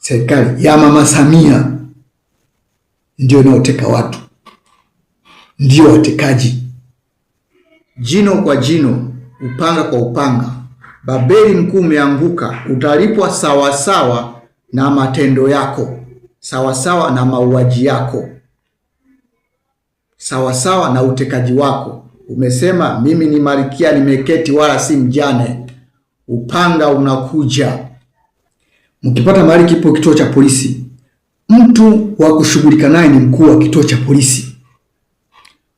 serikali ya Mama Samia ndio inaoteka watu, ndio watekaji, jino kwa jino, upanga kwa upanga. Babeli mkuu umeanguka, utalipwa sawasawa na matendo yako, sawasawa na mauaji yako, sawasawa na utekaji wako. Umesema mimi ni malkia, nimeketi wala si mjane. Upanga unakuja mkipata mahali kipo kituo cha polisi, mtu wa kushughulika naye ni mkuu wa kituo cha polisi.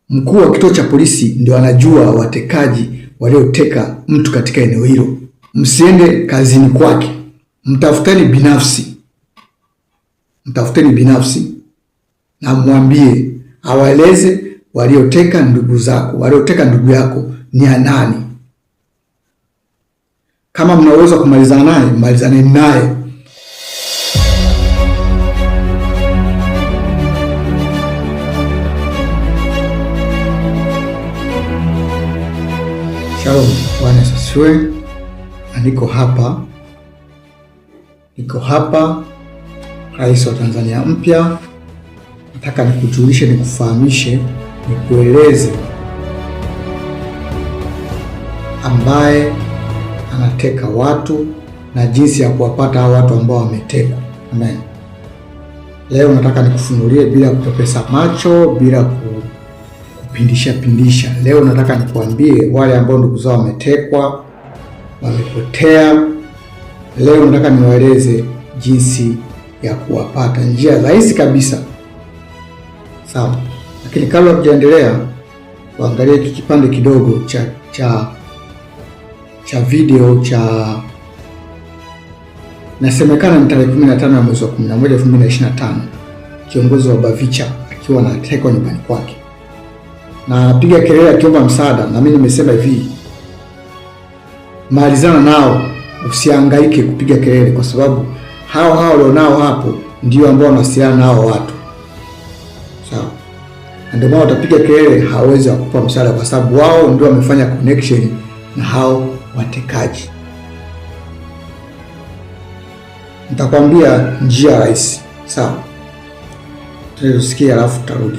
Mkuu wa kituo cha polisi ndio anajua watekaji walioteka mtu katika eneo hilo. Msiende kazini kwake, mtafuteni binafsi, mtafuteni binafsi na mwambie awaeleze walioteka ndugu zako, walioteka ndugu yako ni ya nani. Kama mnaweza kumalizana naye, malizaneni naye. Shalom, Bwana asifiwe. Na niko hapa, niko hapa, rais wa Tanzania mpya. Nataka nikujulishe, nikufahamishe, nikueleze ambaye anateka watu na jinsi ya kuwapata hao watu ambao wametekwa. Amen. Leo nataka nikufunulie bila kupepesa macho, bila ku kupindisha pindisha. Leo nataka nikuambie wale ambao ndugu zao wametekwa, wamepotea, leo nataka niwaeleze jinsi ya kuwapata, njia rahisi kabisa. Sawa, lakini kabla tujaendelea, waangalie kipande kidogo cha cha cha video cha nasemekana ni tarehe 15 ya mwezi wa 11 2025, kiongozi wa Bavicha akiwa anatekwa nyumbani kwake na anapiga kelele akiomba msaada, na mimi nimesema hivi, malizana nao, usihangaike kupiga kelele, kwa sababu hao hao walionao hapo ndio ambao wanawasiliana nao watu, sawa. Ndio maana utapiga kelele, hawawezi kukupa msaada, kwa sababu wao ndio wamefanya connection na hao watekaji. Nitakwambia njia rahisi, sawa, tusikie, alafu tutarudi.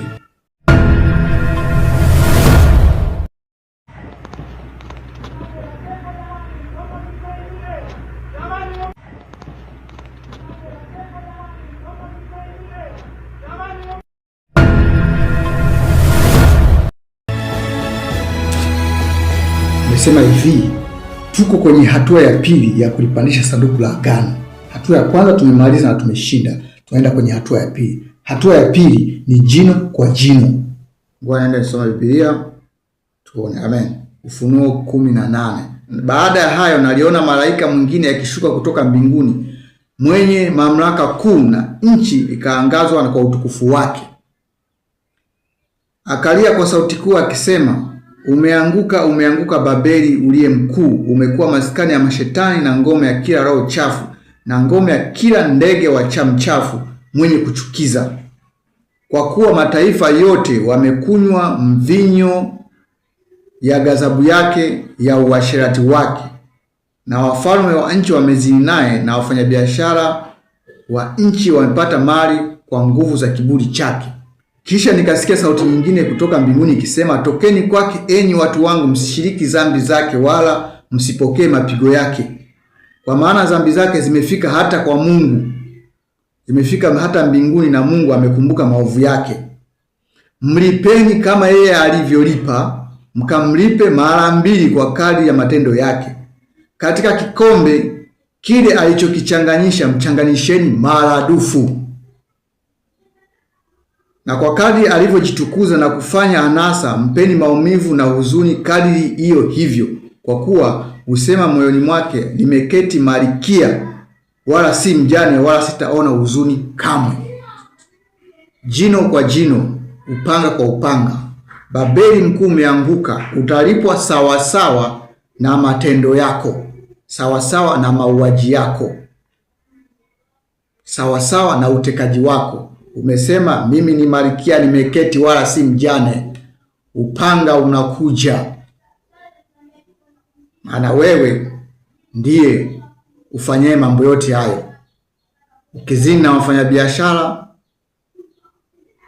kusema hivi, tuko kwenye hatua ya pili ya kulipandisha sanduku la agano. Hatua ya kwanza tumemaliza na tumeshinda, tunaenda kwenye hatua ya pili. Hatua ya pili ni jino kwa jino. Ngoja niende nisome Biblia tuone. Amen. Ufunuo kumi na nane. Baada ya hayo naliona malaika mwingine akishuka kutoka mbinguni mwenye mamlaka kuu, na nchi ikaangazwa kwa utukufu wake. Akalia kwa sauti kuu akisema Umeanguka, umeanguka Babeli uliye mkuu, umekuwa maskani ya mashetani na ngome ya kila roho chafu na ngome ya kila ndege wa chamchafu mwenye kuchukiza, kwa kuwa mataifa yote wamekunywa mvinyo ya ghadhabu yake ya uasherati wake, na wafalme wa nchi wamezini naye, na wafanyabiashara wa nchi wamepata mali kwa nguvu za kiburi chake. Kisha nikasikia sauti nyingine kutoka mbinguni ikisema, tokeni kwake, enyi watu wangu, msishiriki dhambi zake, wala msipokee mapigo yake, kwa maana dhambi zake zimefika hata kwa Mungu, zimefika hata mbinguni, na Mungu amekumbuka maovu yake. Mlipeni kama yeye alivyolipa, mkamlipe mara mbili kwa kadri ya matendo yake. Katika kikombe kile alichokichanganyisha, mchanganyisheni maradufu na kwa kadri alivyojitukuza na kufanya anasa, mpeni maumivu na huzuni kadri hiyo hivyo, kwa kuwa husema moyoni mwake, nimeketi malikia, wala si mjane, wala sitaona huzuni kamwe. Jino kwa jino, upanga kwa upanga, Babeli mkuu umeanguka, utalipwa sawasawa na matendo yako, sawasawa na mauaji yako, sawasawa na utekaji wako Umesema mimi ni malkia nimeketi, wala si mjane. Upanga unakuja, maana wewe ndiye ufanyaye mambo yote hayo, ukizini na wafanyabiashara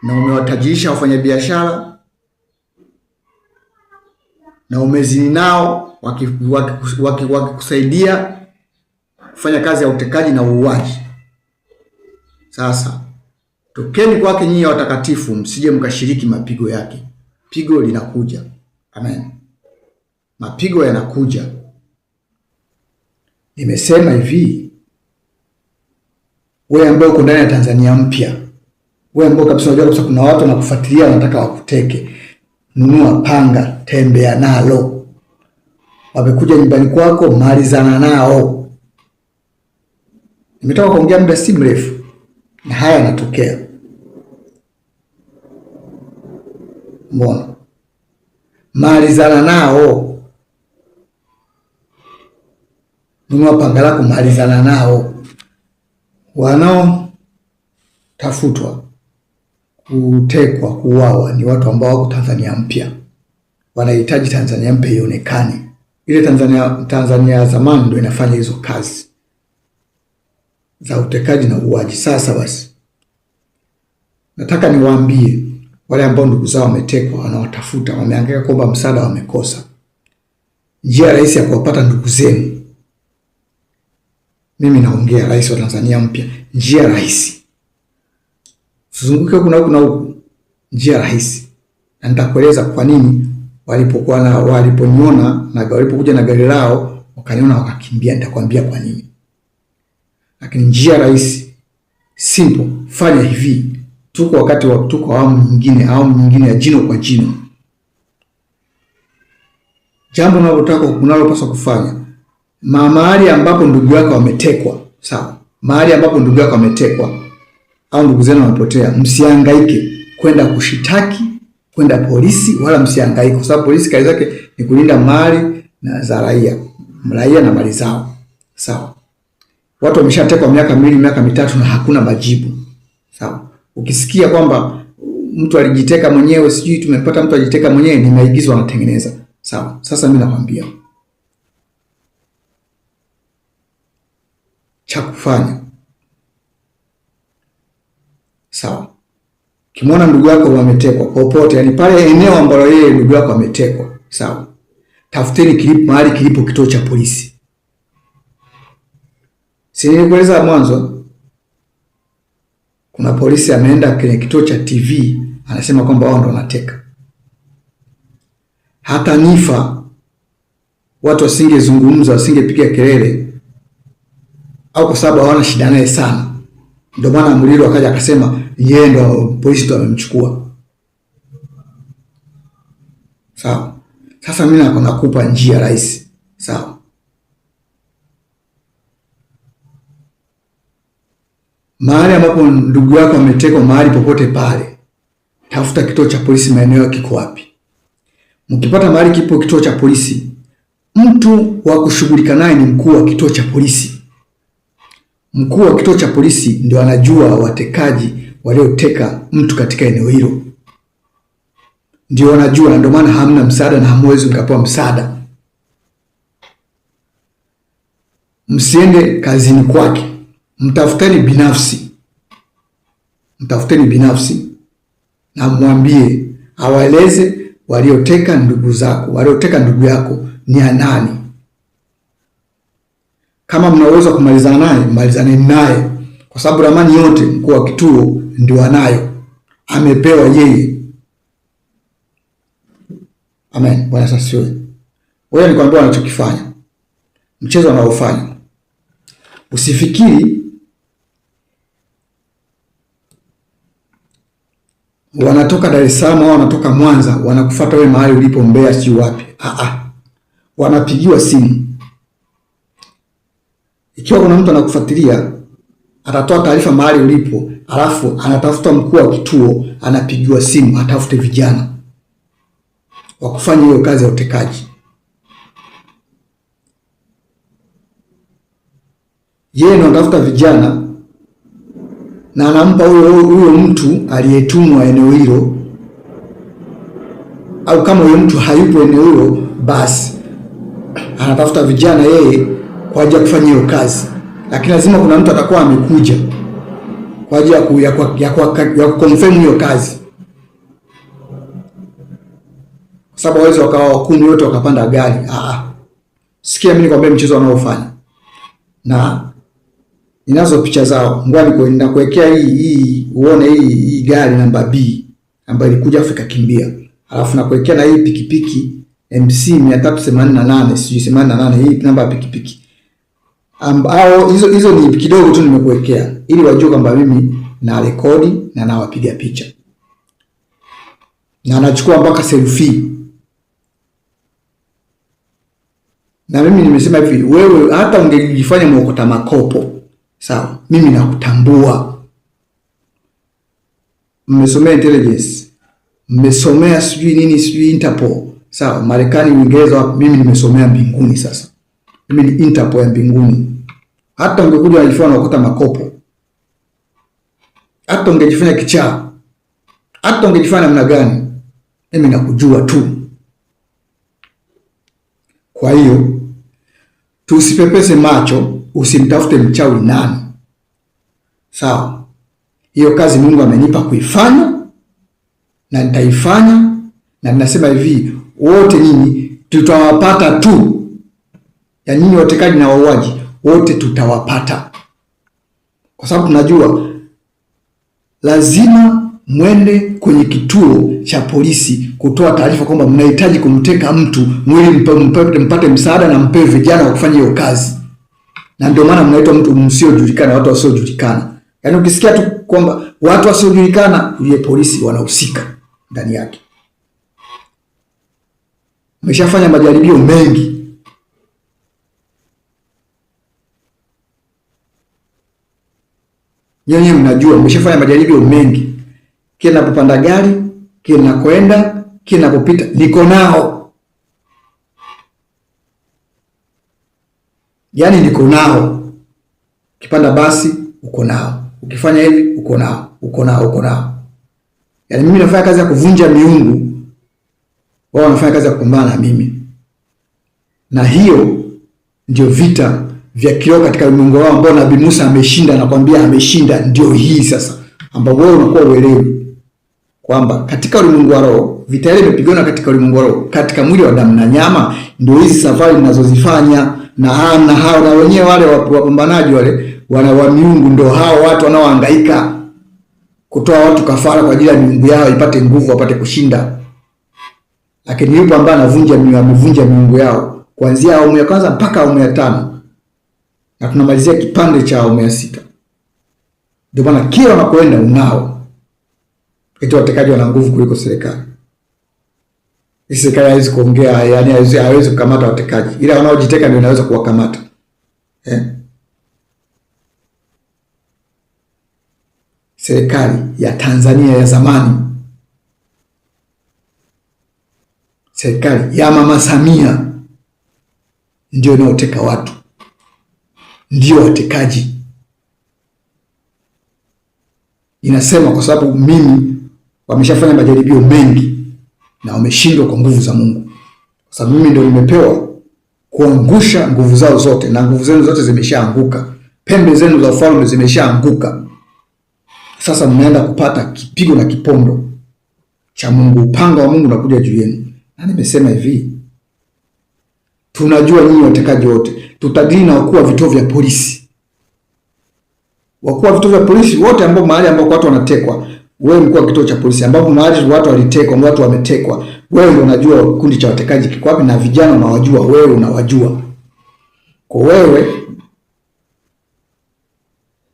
na umewatajirisha wafanyabiashara na umezini nao wakikusaidia waki, waki, waki kufanya kazi ya utekaji na uuaji. Sasa Tokeni kwake nyinyi watakatifu, msije mkashiriki mapigo yake. Pigo linakuja. Amen, mapigo yanakuja. Nimesema hivi, wewe ambaye uko ndani ya Tanzania mpya, wewe ambaye kabisa unajua kabisa kuna watu wanakufuatilia, wanataka wakuteke, nunua panga, tembea nalo. Wamekuja nyumbani kwako, malizana nao. Nimetoka kuongea muda si mrefu na haya yanatokea. Mbona malizana nao, nunua panga lako, malizana nao. Wanaotafutwa kutekwa, kuuawa ni watu ambao wako Tanzania mpya, wanahitaji Tanzania mpya ionekane. Ile Tanzania Tanzania ya zamani ndio inafanya hizo kazi za utekaji na uuaji. Sasa basi, nataka niwaambie wale ambao ndugu zao wametekwa, wanawatafuta, wameangaika kuomba msaada, wamekosa. Njia rahisi ya kuwapata ndugu zenu, mimi naongea rais wa Tanzania mpya, njia rahisi, usizunguke huku na huku na huku, njia rahisi, na nitakueleza kwa nini walipokuwa na waliponiona na walipokuja na gari lao wakaniona wakakimbia, nitakwambia kwa nini. Lakini njia rahisi simple, fanya hivi tuko wakati wa tuko awamu nyingine, awamu nyingine ya jino kwa jino. Jambo unalotaka unalopaswa kufanya mahali ambapo ndugu yako ametekwa, sawa, mahali ambapo ndugu yako ametekwa au ndugu zenu wamepotea, msihangaike kwenda kushitaki kwenda polisi, wala msihangaike, kwa sababu polisi kazi yake ni kulinda mali na za raia, raia na mali zao, sawa. Watu wameshatekwa miaka miwili, miaka mitatu na hakuna majibu, sawa. Ukisikia kwamba mtu alijiteka mwenyewe, sijui tumepata mtu alijiteka mwenyewe, ni maigizo anatengeneza. Sawa, sasa mimi nakwambia cha kufanya. Sawa, kimwona ndugu yako wametekwa popote, yani pale eneo ambalo yeye ndugu yako ametekwa, sawa, tafuteni kilipo mahali kilipo kituo cha polisi. Si nilikueleza mwanzo kuna polisi ameenda kwenye kituo cha TV anasema kwamba wao ndo wanateka. Hata Nifa watu wasingezungumza, wasingepiga kelele, au kwa sababu hawana shida naye sana. Ndio maana Mlilo akaja akasema yeye ndo polisi ndo amemchukua. Sawa, sasa mimi nakupa njia rahisi, sawa mahali ambapo ndugu yako ametekwa, mahali popote pale, tafuta kituo cha polisi maeneo yake kiko wapi. Mkipata mahali kipo kituo cha polisi, mtu wa kushughulika naye ni mkuu wa kituo cha polisi. Mkuu wa kituo cha polisi ndio anajua watekaji walioteka mtu katika eneo hilo, ndio anajua. Ndio maana hamna msaada na hamwezi mkapewa msaada. Msiende kazini kwake mtafuteni binafsi, mtafuteni binafsi na mwambie awaeleze walioteka ndugu zako, walioteka ndugu yako ni ya nani. Kama mnaweza kumalizana naye, malizaneni naye, kwa sababu ramani yote mkuu wa kituo ndio anayo, amepewa yeye. Amen. Bwana asifiwe. Wewe kwambia wanachokifanya, mchezo wanaofanya, usifikiri wanatoka Dar es Salaam au wanatoka Mwanza wanakufuata wewe mahali ulipo Mbeya, si wapi? Ah ah, wanapigiwa simu. Ikiwa kuna mtu anakufuatilia, atatoa taarifa mahali ulipo, alafu anatafuta mkuu wa kituo, anapigiwa simu atafute vijana wa kufanya hiyo kazi ya utekaji. Yeye ndo anatafuta vijana na anampa huyo mtu aliyetumwa eneo hilo, au kama huyo mtu hayupo eneo hilo, basi anatafuta vijana yeye kwa ajili ya kufanya hiyo kazi, lakini lazima kuna mtu atakuwa amekuja kwa ajili ya confirm hiyo kazi, kwa sababu waweza wakawa wakumi wote wakapanda gari. Ah, sikia mimi nikwambia mchezo wanaofanya na ninazo picha zao. Ngoja kuwekea hii hii uone hii hii gari namba B ambayo ilikuja Afrika kimbia. Alafu nakuwekea na hii pikipiki MC 388 sijui 88 hii namba ya pikipiki. Ambao hizo hizo ni kidogo tu nimekuwekea ili wajue kwamba mimi na rekodi na nawapiga picha. Na anachukua mpaka selfie. Na mimi nimesema hivi, wewe hata ungejifanya mwokota makopo Sawa, mimi nakutambua, mmesomea intelligence, mmesomea sijui nini, sijui Interpol, sawa, Marekani, Uingereza. Mimi nimesomea mbinguni. Sasa mimi ni Interpol ya mbinguni. Hata ungekuja unajifanya unakuta makopo, hata ungejifanya kichaa, hata ungejifanya namna gani, mimi nakujua tu. Kwa hiyo tusipepese macho usimtafute mchawi nani. Sawa, hiyo kazi Mungu amenipa kuifanya na nitaifanya, na ninasema hivi, wote nyinyi tutawapata tu, yaani nyinyi watekaji na wauaji wote tutawapata, kwa sababu tunajua lazima mwende kwenye kituo cha polisi kutoa taarifa kwamba mnahitaji kumteka mtu mwili, mpate msaada na mpewe vijana wa kufanya hiyo kazi na ndio maana mnaitwa mtu msiojulikana, watu wasiojulikana. Yaani ukisikia tu kwamba watu wasiojulikana, ujue polisi wanahusika ndani yake. Umeshafanya majaribio mengi nyenye mnajua mmeshafanya majaribio mengi. Kila napopanda gari, kila nakoenda, kila napopita, niko nao. yani niko nao. Ukipanda basi uko nao, ukifanya hivi uko nao, uko nao, uko nao. Yani mimi nafanya kazi ya kuvunja miungu, wao wanafanya kazi ya kupambana na mimi, na hiyo ndio vita vya kiroho katika miungu wao ambao Nabii Musa ameshinda, nakwambia ameshinda. Ndio hii sasa, ambao wewe unakuwa uelewi kwamba katika ulimwengu wa roho vita ile imepigana katika ulimwengu wa roho, katika mwili wa damu na nyama. Ndio hizi safari ninazozifanya na hao na hao na wenyewe wale wapambanaji wale wana wa miungu, ndio hao watu wanaohangaika kutoa watu kafara kwa ajili ya miungu yao ipate nguvu, wapate kushinda. Lakini yupo ambaye anavunja miungu, amevunja miungu yao kuanzia awamu ya kwanza mpaka awamu ya tano, na tunamalizia kipande cha awamu ya sita. Ndio maana kila unakoenda unao eti watekaji wana nguvu kuliko serikali. Serikali haiwezi kuongea, yani haiwezi kukamata watekaji, ila wanaojiteka ndio inaweza kuwakamata eh? Serikali ya Tanzania ya zamani, serikali ya Mama Samia ndio inaoteka watu, ndio watekaji. Inasema kwa sababu mimi wameshafanya majaribio mengi na wameshindwa kwa nguvu za Mungu, kwa sababu mimi ndio nimepewa kuangusha nguvu zao zote, na nguvu zenu zote zimeshaanguka, pembe zenu za ufalme zimeshaanguka. Sasa mnaenda kupata kipigo na kipondo cha Mungu, upanga wa Mungu unakuja juu yenu. Na nimesema hivi, tunajua nyinyi watekaji wote, tutadili na wakuu wa vituo vya polisi, wakuu wa vituo vya polisi wote ambao mahali ambao watu wanatekwa wewe mkuu wa kituo cha polisi, ambapo mahali watu walitekwa, watu wametekwa, wewe ndio unajua kundi cha watekaji kiko wapi, na vijana unawajua, wewe unawajua. Kwa wewe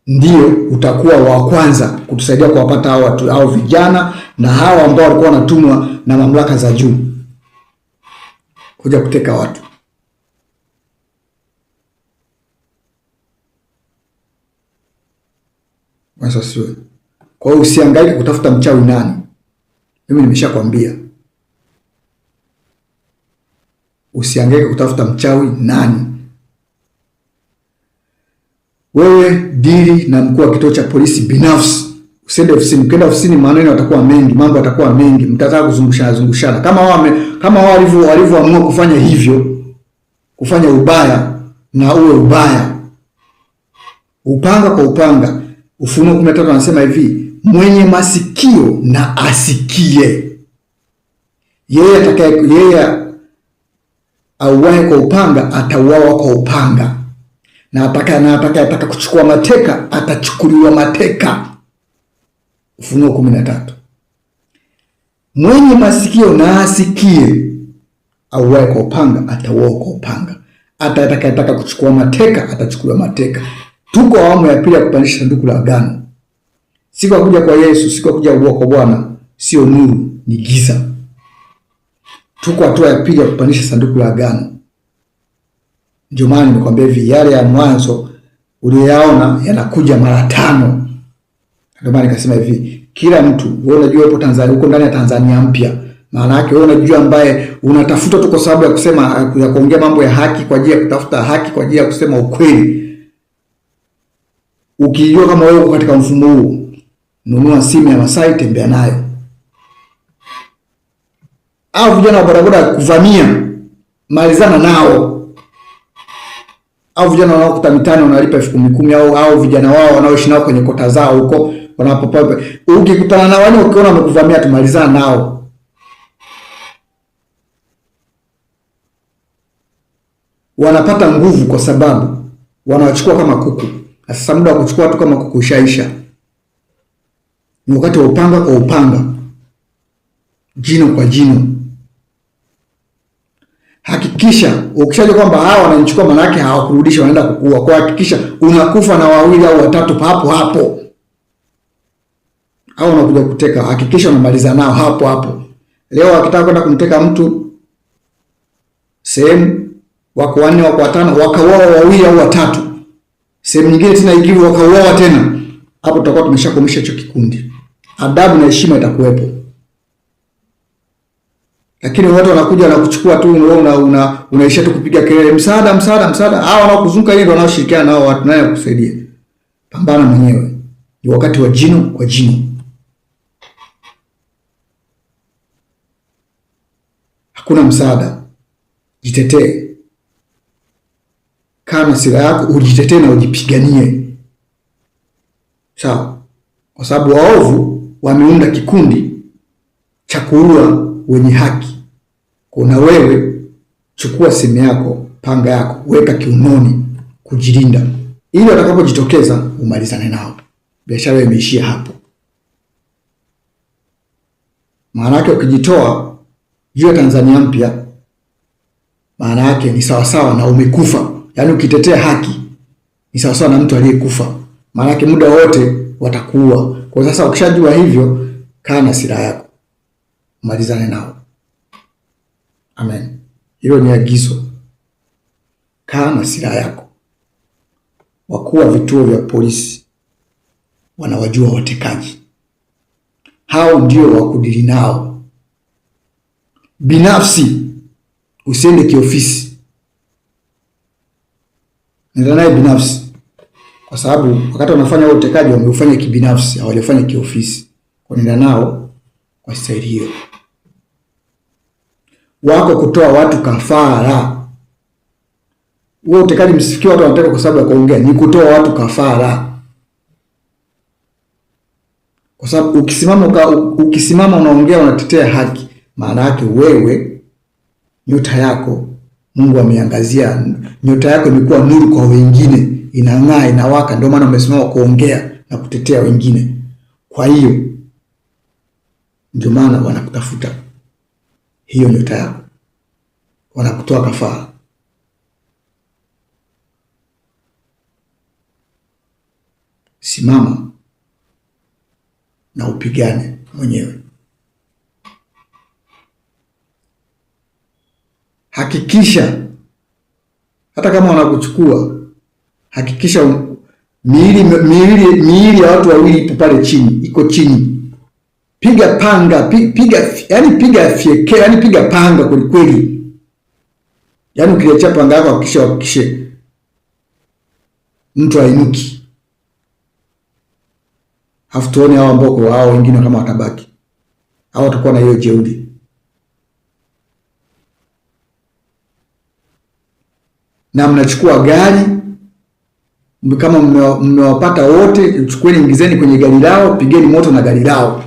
ndio utakuwa wa kwanza kutusaidia kuwapata hao watu hao vijana na hao ambao walikuwa wanatumwa na mamlaka za juu kuja kuteka watu. Basi kwa hiyo usihangaike kutafuta mchawi nani, mimi nimeshakwambia usihangaike kutafuta mchawi nani. Wewe dili na mkuu wa kituo cha polisi binafsi, usiende ofisini. Ukienda ofisini, maneno yatakuwa mengi, mambo yatakuwa mengi, mtataka kuzungushana zungushana kama wame, kama walivyo walivyoamua kufanya hivyo, kufanya ubaya na uwe ubaya, upanga kwa upanga. Ufunuo 13 anasema hivi mwenye masikio na asikie. Yeye atakaye yeye auwae kwa upanga atauawa kwa upanga, na ataka kuchukua mateka atachukuliwa mateka. Ufunuo kumi na tatu. Mwenye masikio na asikie. auwae kwa upanga atauawa kwa upanga, hata ataka kuchukua mateka atachukuliwa mateka. Tuko awamu ya pili ya kupandisha sanduku la agano. Siku ya kuja kwa Yesu, siku ya kuja kwa Bwana sio nuru, ni giza. Tuko hatua ya pili ya kupandisha sanduku la agano. Ndio maana nimekwambia hivi, yale ya mwanzo uliyoyaona yanakuja mara tano. Ndio maana nikasema hivi, kila mtu wewe unajua upo Tanzania, uko ndani ya Tanzania mpya. Maana yake wewe unajua ambaye unatafuta tu kwa sababu ya kusema ya kuongea mambo ya haki kwa ajili ya kutafuta haki kwa ajili ya kusema ukweli. Ukijua kama wewe uko katika mfumo huu nunua simu ya Masai, tembea nayo. Au vijana wa bodaboda kuvamia, malizana nao. Au vijana wanaokuta mitaani wanalipa elfu kumi kumi, au au vijana wao wanaoishi nao kwenye kota zao huko wanapopapa, ukikutana nao wani, ukiona wamekuvamia, tumalizana nao. Wanapata nguvu kwa sababu wanawachukua kama kuku. Sasa muda wa kuchukua watu kama kuku ushaisha ni wakati wa upanga kwa upanga, jino kwa jino. Hakikisha ukishaja kwamba hawa wananichukua, maana yake hawakurudisha, wanaenda kukua kwa. Hakikisha unakufa na wawili au watatu papo hapo, au unakuja kuteka, hakikisha unamaliza nao hapo hapo. Leo wakitaka kwenda kumteka mtu sehemu, wako wanne, wako watano, wakauawa wawili au watatu, sehemu nyingine tena ikiwa wakauawa tena, hapo tutakuwa tumeshakomesha hicho kikundi adabu na heshima itakuwepo, lakini watu wanakuja na kuchukua tu, unaona una, unaisha tu kupiga kelele, msaada, msaada, msaada. Hao wanaokuzunguka yeye ndio wanaoshirikiana nao watu naye kusaidia. Pambana mwenyewe, ni wakati wa jino kwa jino. Hakuna msaada, jitetee. Kama silaha yako ujitetee na ujipiganie, sawa? Kwa sababu waovu wameunda kikundi cha kuua wenye haki. Kuna wewe, chukua simu yako, panga yako, weka kiunoni kujilinda, ili watakapojitokeza umalizane nao. Biashara imeishia hapo. Maana yake ukijitoa juu ya Tanzania mpya, maana yake ni sawasawa na umekufa. Yaani ukitetea haki ni sawasawa na mtu aliyekufa, maana yake muda wote watakuua. Kwa sasa ukishajua hivyo, kaa na silaha yako, malizane nao. Amen, hilo ni agizo. Kaa na silaha yako. Wakuu wa vituo vya polisi wanawajua watekaji, hao ndio wakudili nao. Binafsi usiende kiofisi, nenda naye binafsi kwa sababu wakati wanafanya huo utekaji wameufanya kibinafsi, hawajafanya kiofisi. Wanaenda nao kwa staili hiyo, wako kutoa watu kafara. Huo utekaji msifikie watu wanateka kwa sababu ya kuongea, ni kutoa watu kafara kwa sababu ukisimama uka, ukisimama unaongea unatetea haki, maana yake wewe nyota yako Mungu ameangazia nyota yako imekuwa nuru kwa wengine inang'aa, inawaka, ndio maana umesimama kuongea na kutetea wengine. Kwa hiyo ndio maana wanakutafuta hiyo nyota yako, wanakutoa kafara. Simama na upigane mwenyewe. Hakikisha hata kama wanakuchukua hakikisha miili miili miili ya watu wawili ipo pale chini, iko chini. Piga panga piga, yani piga fieke, yani piga panga kweli kweli, yani ukiacha panga yako hakikisha hakikishe mtu ainuki, afu tuone hao ambao hao wengine kama watabaki au watakuwa na hiyo jeudi. Na mnachukua gari kama mmewapata wote, chukueni, ingizeni kwenye gari lao, pigeni moto na gari lao.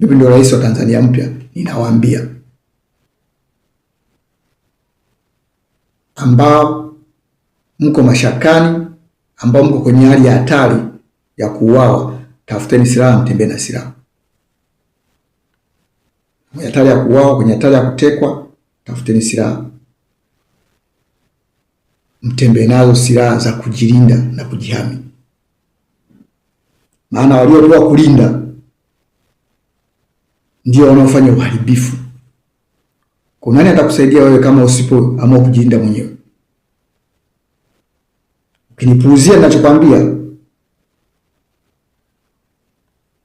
Mimi ndio rais wa Tanzania mpya, ninawaambia ambao mko mashakani, ambao mko kwenye hali ya hatari ya kuuawa, tafuteni silaha, mtembee na silaha. Kwenye hatari ya kuuawa, kwenye hatari ya kutekwa, tafuteni silaha mtembe nazo silaha za kujilinda na kujihami, maana waliopewa kulinda ndio wanaofanya uharibifu. Kuna nani atakusaidia wewe kama usipoamua kujilinda mwenyewe? Ukinipuuzia ninachokwambia,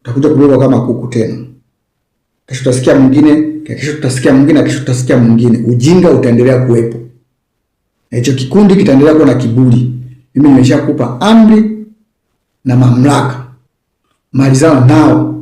utakuja kubebwa kama kuku tena. Kesho utasikia mwingine, kesho utasikia mwingine, kesho utasikia mwingine. Ujinga utaendelea kuwepo hicho kikundi kitaendelea kuwa na kiburi. Mimi nimeshakupa amri na mamlaka, mali zao nao.